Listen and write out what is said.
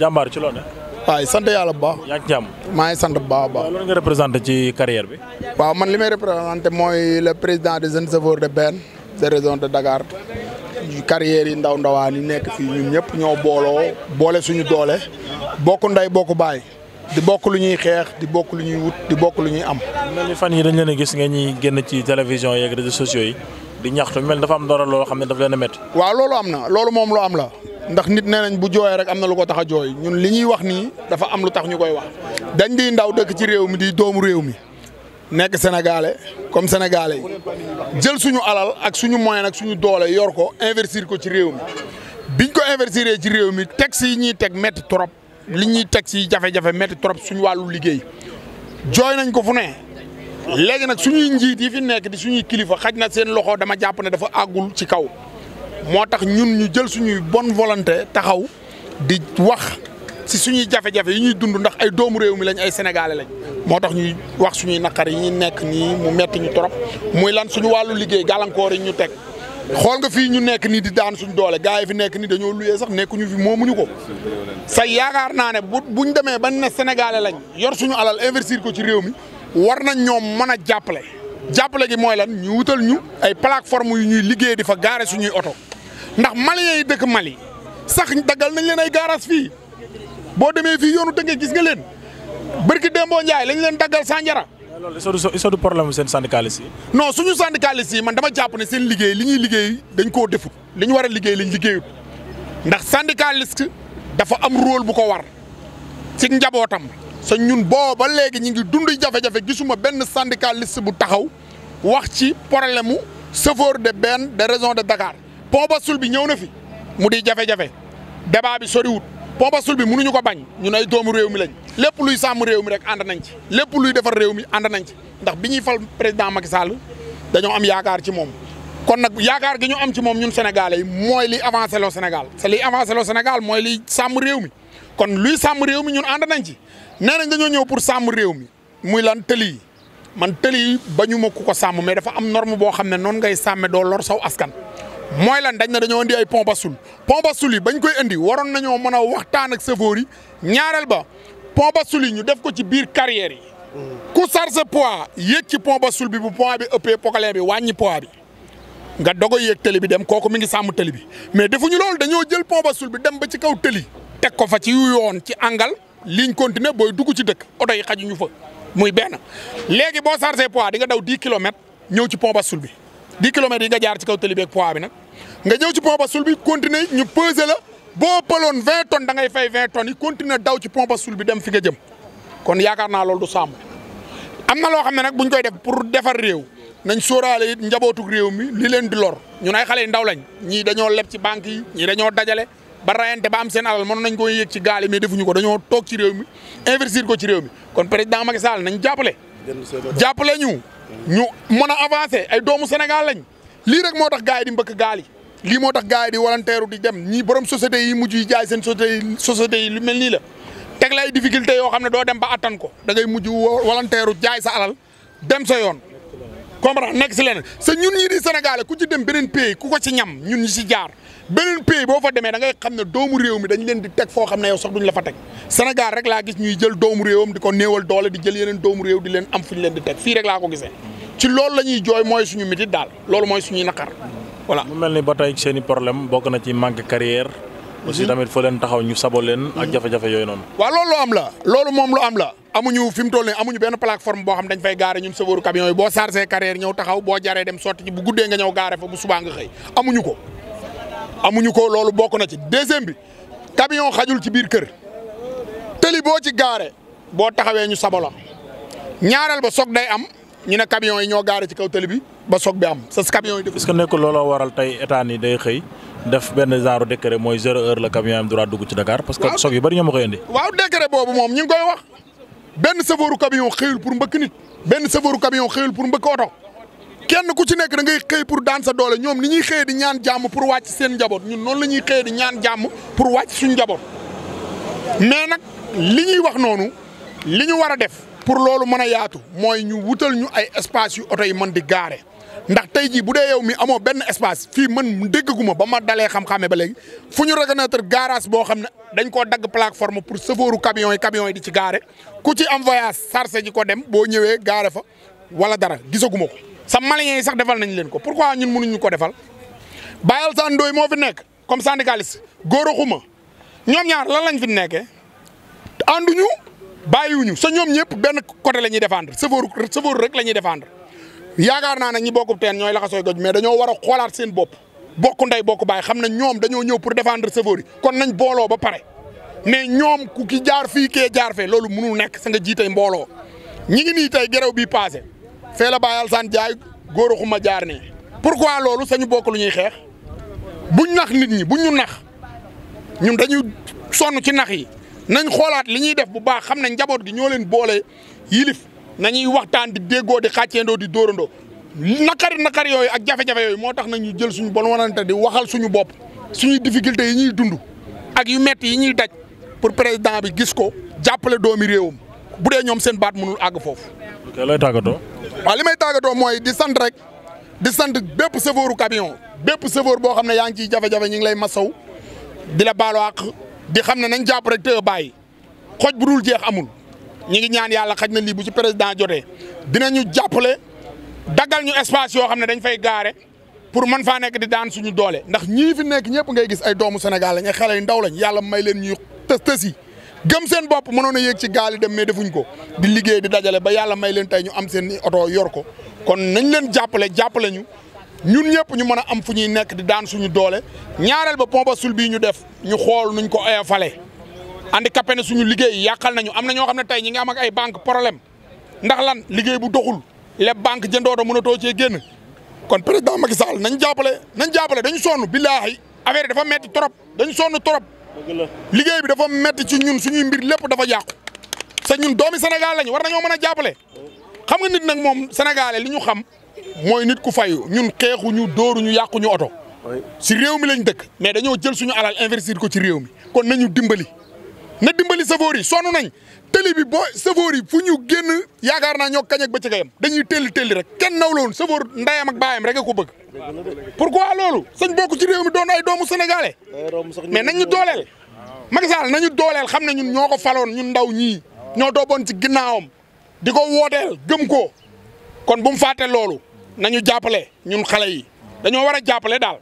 jàmbaar ci loolu waaye sant yàlla bu baax. yaa ngi jàmm maa baax a baax. waaw loolu nga représenté ci carrière bi. waaw man li may représenté mooy le président de benn de de Dakar carrière yi ndaw ndawaan yi nekk fii ñun ñëpp ñoo booloo boole suñu doole bokk ndey bokk baay di bokk lu ñuy xeex di bokk lu ñuy di bokk lu ñuy am. mel ni yi dañ leen a gis nga ñuy génn ci télévision yeeg réseaux sociaux yi di xam ne daf leen loolu moom lu am la ndax nit nee nañ bu jooyee rek am na lu ko tax a jooy ñun li ñuy wax nii dafa am lu tax ñu koy wax dañ di ndaw dëkk ci réew mi di doomu réew mi nekk sénégale comme sénégalais yi jël suñu alal ak suñu moyen ak suñu doole yor ko investir ko ci réew mi biñ ko investir ci réew mi taxes yi ñuy teg métti trop li ñuy taxes yi jafe-jafe métti trop suñu wàllu liggéey jooy nañ ko fu ne léegi nag suñuy njiit yi fi nekk di suñuy kilifa xaj na seen loxo dama jàpp ne dafa àggul ci kaw moo tax ñun ñu jël suñuy bon volonté taxaw di wax si suñuy jafe-jafe yi ñuy dund ndax ay doomu réew mi lañ ay sénégalais lañ moo tax ñu wax suñuy naqar yi nekk nii mu metti ñu trop muy lan suñu wàllu liggéey gàllankoor yi ñu teg xool nga fii ñu nekk nii di daan suñu doole gars yi fi nekk nii dañoo luye sax nekkuñu fi moomuñu ko sa yaakaar naa ne bu buñ demee ba ne sénégalais lañ yor suñu alal investir ko ci réew mi war nañ ñoom mën a jàppale jàppale gi mooy lan ñu wutal ñu ay plateforme yu ñuy liggéey di fa gaare suñuy oto ndax malien yi dëkk Mali sax daggal nañ leen ay gaaraas fii boo demee fii yoonu nga gis nga leen barki Dembo Ndiaye lañ leen daggal Sandiara. loolu est-ce du problème seen syndicaliste yi. non suñu syndicaliste yi man dama jàpp ne seen liggéey li ñuy liggéey dañ koo defut li ñu war a liggéey lañ liggéeyut ndax syndicaliste dafa am rôle bu ko war ci njabootam sa ñun booba léegi ñu ngi dund jafe-jafe gisuma benn syndicaliste bu taxaw wax ci problème mu chauffeur de benn de de Dakar. pont bascule bi ñëw na fi mu di jafe-jafe débat bi pooba pont bascule bi mënuñu ko bañ ñun ay doomu réew mi lañ lépp luy sàmm réew mi rek ànd nañ ci lépp luy defar réew mi ànd nañ ci ndax bi ñuy fal président Macky Sall dañoo am yaakaar ci moom kon nag yaakaar gi ñu am ci moom ñun sénégalais mooy liy avancé loo Sénégal c'est liy avancé loo Sénégal mooy liy sàmm réew mi kon luy sàmm réew mi ñun ànd nañ ci nee nañ dañoo ñëw pour sàmm réew mi muy lan tëli yi man tëli yi bañu ma ku ko sàmm mais dafa am norme boo xam ne noonu ngay sàmme doo lor saw askan mooy lan dañ na dañoo indi ay pont bascule pont bascule yi bañ koy indi waroon nañoo mën a waxtaan ak chauffeur yi ñaareel ba pont bascule yi ñu def ko ci biir carrière yi. ku sarse sa poids yéeg ci pont bascule bi bu poids bi ëppee pokale bi wàññi poids bi nga dogo yéeg tëli bi dem kooku mi ngi sàmm tëli bi mais defuñu loolu dañoo jël pont bascule bi dem ba ci kaw tëli. teg ko fa ci yoon ci angal ligne continue booy dugg ci dëkk oto yi xajuñu fo muy benn léegi boo sar sa poids nga daw 10 kilomètres ñëw ci pont bascule bi. 10 kilomètres yi nga jaar ci kaw tëli beeg poids bi nag nga ñëw ci pont Bassoul i continuer ñu peser boo pëloon vingt tonnes da ngay fay 20 tonnes yi continuer daw ci pont Bassoul bi dem fi nga jëm kon yaakaar naa loolu do sàmm am na loo xam ne nag buñ koy def pour defar réew nañ sooraale it njabootug mi li leen di lor ñun ay xale yu ndaw lañ ñii dañoo leb ci banque yi ñii dañoo dajale ba rayante ba am seen alal mënoon nañ koy yëg ci gaale yi mais defuñu ko dañoo toog ci réew mi investir ko ci réew mi kon président Macky Sall nañ jàppale jàppale ñu ñu mën a avancer ay doomu Sénégal lañ lii rek moo tax gars yi di mbëkk gaal yi lii moo tax gars yi di walanteeru di dem ñii borom société yi mujj yi jaay seen société yi lu mel nii la teg lay difficulté yoo xam ne doo dem ba attan ko da ngay mujj walanteeru jaay sa alal dem sa yoon comprendre nekk si leneen sa ñun ñi di sénégalais ku ci dem beneen pays ku ko ci ñam ñun ñi si jaar beneen pays boo fa demee da ngay xam ne doomu réew mi dañ leen di teg foo xam ne yow sax duñ la fa teg Sénégal rek laa gis ñuy jël doomu réewam di ko néewal doole di jël yeneen doomu réew di leen am fu ñu leen di teg fii rek laa ko gisee ci loolu la jooy mooy suñu métit daal loolu mooy suñuy naqar voilà. mu mel ni ba tey seen i problème bokk na ci manque carrière. aussi mhm. tamit fa leen taxaw ñu sabo leen. ak mhm. jafe-jafe yooyu noonu. waaw loolu lu am la. loolu moom lu am la. amuñu fi mu toll nii amuñu benn plateforme boo xam dañ fay gaare ñun sëfooru camion yi boo chargé carrière ñëw taxaw boo jaree dem sotti nga ñëw gaare fa bu subaa nga xëy amuñu ko amuñu ko loolu bokk na ci deuxième bi camion xajul ci biir kër tëli boo ci gaare boo taxawee ñu sabala ñaareel ba soog day am ñu ne camion yi ñoo gaare ci kaw tëli bi ba soog bi am sa camion yi. est-ce que waral tey état ni day xëy def benn genre décret mooy zéro heure la camion am droit dugg ci Dakar. parce que soog yi bari ñoo ma koy indi. waaw décret boobu moom ñu ngi koy wax benn sëfooru camion xëyul pour mbëkk nit benn sëfooru camion xëyul pour mbëkk oto. kenn ku ci nekk da ngay xëy pour daan sa doole ñoom ni ñuy xëyee di ñaan jàmm pour wàcc seen njaboot ñu noonu la ñuy xëyee di ñaan jàmm pour wàcc suñu njaboot mais nag li ñuy wax noonu li ñu war a def pour loolu mën a yaatu mooy ñu wutal ñu ay espace yu oto yi mën di gaare ndax tey jii bu dee yow mi amoo benn espace fii mën man déggaguma ba ma dalee xam-xame ba léegi fu ñu reconnaître garage boo xam ne dañ koo dagg plateforme pour sëfooru camion yi camion yi di ci gaare ku ci am sarse ji ko dem boo ñëwee gaare fa wala dara gisaguma ko sa maliens yi sax defal nañ leen ko pourquoi ñun mënuñu ko defal Baye Alassane Ndoye moo fi nekk comme syndicaliste Gora Khouma ñoom ñaar lan lañ fi nekkee ànduñu bàyyiwuñu sa ñoom ñëpp benn côté la ñuy défendre sëfooru sëfooru rek la ñuy défendre yaakaar naa nag ñi bokkub teen ñooy laxasooy goj mais dañoo war a xoolaat seen bopp bokk ndey bokk baay xam ne ñoom dañoo ñëw pour défendre sëfoor yi kon nañ booloo ba pare mais ñoom ku ki jaar fii kee jaar fe loolu mënul nekk sa nga jiitey mbooloo ñi ngi nii bi passé fee la Baye Alsaan Jaay góor xuma jaar ne pourquoi loolu sañu bokk lu ñuy xeex bu nax nit ñi bu ñu nax ñun dañuy sonn ci nax yi nañ xoolaat li ñuy def bu baax xam ne njaboot gi ñoo leen boole yilif nañuy waxtaan di déggoo di xàcceendoo di dóorandoo nakari nakari yooyu ak jafe-jafe yooyu moo tax na ñu jël suñu bon wanante di waxal suñu bopp suñuy difficulté yi ñuy dund ak yu metti yi ñuy daj pour président bi gis ko jàppale doomi réewam bu dee ñoom seen baat mënul àgg foofu. lay tàggatoo. waaw li may tàggatoo mooy di sant rek di sant bépp chauffeuru camion bépp chauffeur boo xam ne yaa ngi ciy jafe-jafe ñu ngi lay masaw di la baalu àq di xam ne nañ jàpp rek te bàyyi xooj bu dul jeex amul ñu ngi ñaan yàlla xaj na lii bu ci président jotee dinañu jàppale daggal ñu espace yoo xam ne dañ fay gaare pour mën faa nekk di daan suñu doole ndax ñii fi nekk ñëpp ngay gis ay doomu Sénégal lañ ay xale ndaw lañ yàlla may leen ñuy tës tës yi gëm seen bopp mënoon a yéeg ci gaal yi dem mais defuñ ko di liggéey di dajale ba yàlla may leen tey ñu am seen oto yor ko kon nañ leen jàppale jàppale ñu ñun ñëpp ñu mën a am fu ñuy nekk di daan suñu doole ñaareel ba pompe sul bii ñu def ñu xool nuñ ko oyofale handicapé na suñu liggéey yàqal nañu am na ñoo xam ne tey ñi nga am ay banque problème ndax lan liggéey bu doxul les banque a mënatoo cee génn kon président Macky Sall nañ jàppale nañ jàppale dañu sonn billaahi affaire dafa metti trop dañu sonn trop liggéey bi dafa metti ci ñun suñuy mbir lépp dafa yàqu sa ñun doomi Sénégal lañu war nañoo mën a jàppale xam nga nit nag moom sénégalais li ñu xam mooy nit ku fay ñun xeexuñu yàqu ñu oto si réew mi lañ dëkk mais dañoo jël suñu alal investir ko ci réew mi kon nañu dimbali na dimbali savoor yi sonn nañ tëli bi boo savoor yi fu ñu génn yaakaar naa ñoo kañ ak bëccëg yam dañuy tëlli tëlli rek kenn nawloon savoor ndayam ak baayam rek a ko bëgg pourquoi loolu sañ bokk ci réew mi doon ay doomu sénégalais mais nañ ñu dooleel Macky Sall nañu dooleel xam ne ñun ñoo ko faloon ñu ndaw ñii ñoo dooboon ci ginnaawam di ko wooteel gëm ko kon bu mu fàtte loolu nañu jàppale ñun xale yi dañoo war a jàppale daal